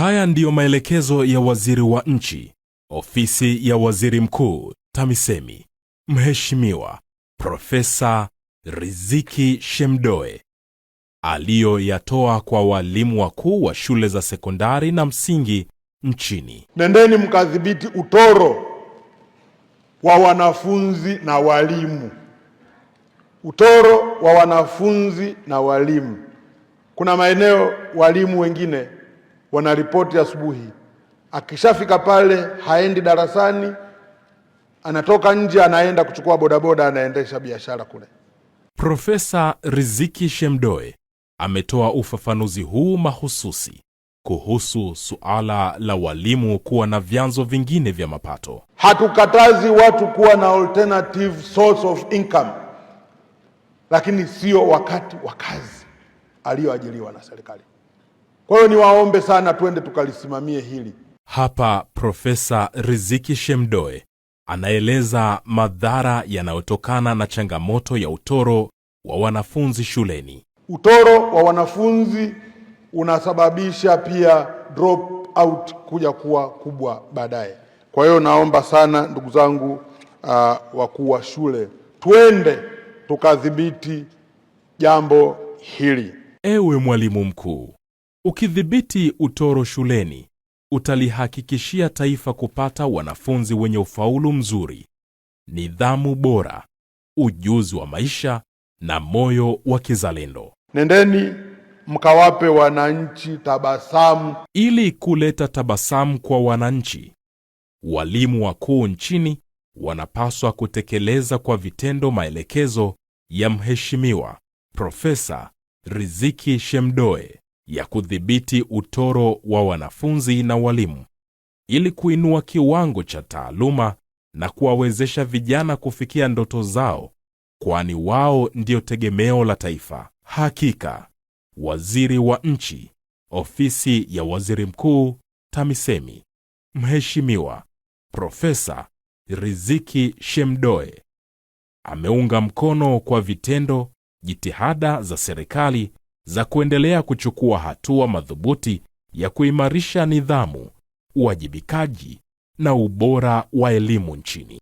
Haya ndiyo maelekezo ya waziri wa nchi, ofisi ya waziri mkuu TAMISEMI, Mheshimiwa Profesa Riziki Shemdoe aliyoyatoa kwa walimu wakuu wa shule za sekondari na msingi nchini. Nendeni mkadhibiti utoro wa wanafunzi na walimu, utoro wa wanafunzi na walimu. Kuna maeneo walimu wengine wanaripoti asubuhi. Akishafika pale haendi darasani, anatoka nje, anaenda kuchukua bodaboda, anaendesha biashara kule. Profesa Riziki Shemdoe ametoa ufafanuzi huu mahususi kuhusu suala la walimu kuwa na vyanzo vingine vya mapato. Hatukatazi watu kuwa na alternative source of income, lakini sio wakati wa kazi aliyoajiriwa na serikali. Kwa hiyo niwaombe sana, twende tukalisimamie hili. Hapa Profesa Riziki Shemdoe anaeleza madhara yanayotokana na changamoto ya utoro wa wanafunzi shuleni. Utoro wa wanafunzi unasababisha pia drop out kuja kuwa kubwa baadaye. Kwa hiyo naomba sana ndugu zangu, uh, wakuu wa shule, twende tukadhibiti jambo hili. Ewe mwalimu mkuu, Ukidhibiti utoro shuleni, utalihakikishia taifa kupata wanafunzi wenye ufaulu mzuri, nidhamu bora, ujuzi wa maisha na moyo wa kizalendo. Nendeni mkawape wananchi tabasamu. Ili kuleta tabasamu kwa wananchi, walimu wakuu nchini wanapaswa kutekeleza kwa vitendo maelekezo ya Mheshimiwa Profesa Riziki Shemdoe ya kudhibiti utoro wa wanafunzi na walimu ili kuinua kiwango cha taaluma na kuwawezesha vijana kufikia ndoto zao, kwani wao ndio tegemeo la taifa. Hakika waziri wa nchi, ofisi ya waziri mkuu, TAMISEMI, Mheshimiwa Profesa Riziki Shemdoe ameunga mkono kwa vitendo jitihada za serikali za kuendelea kuchukua hatua madhubuti ya kuimarisha nidhamu, uwajibikaji na ubora wa elimu nchini.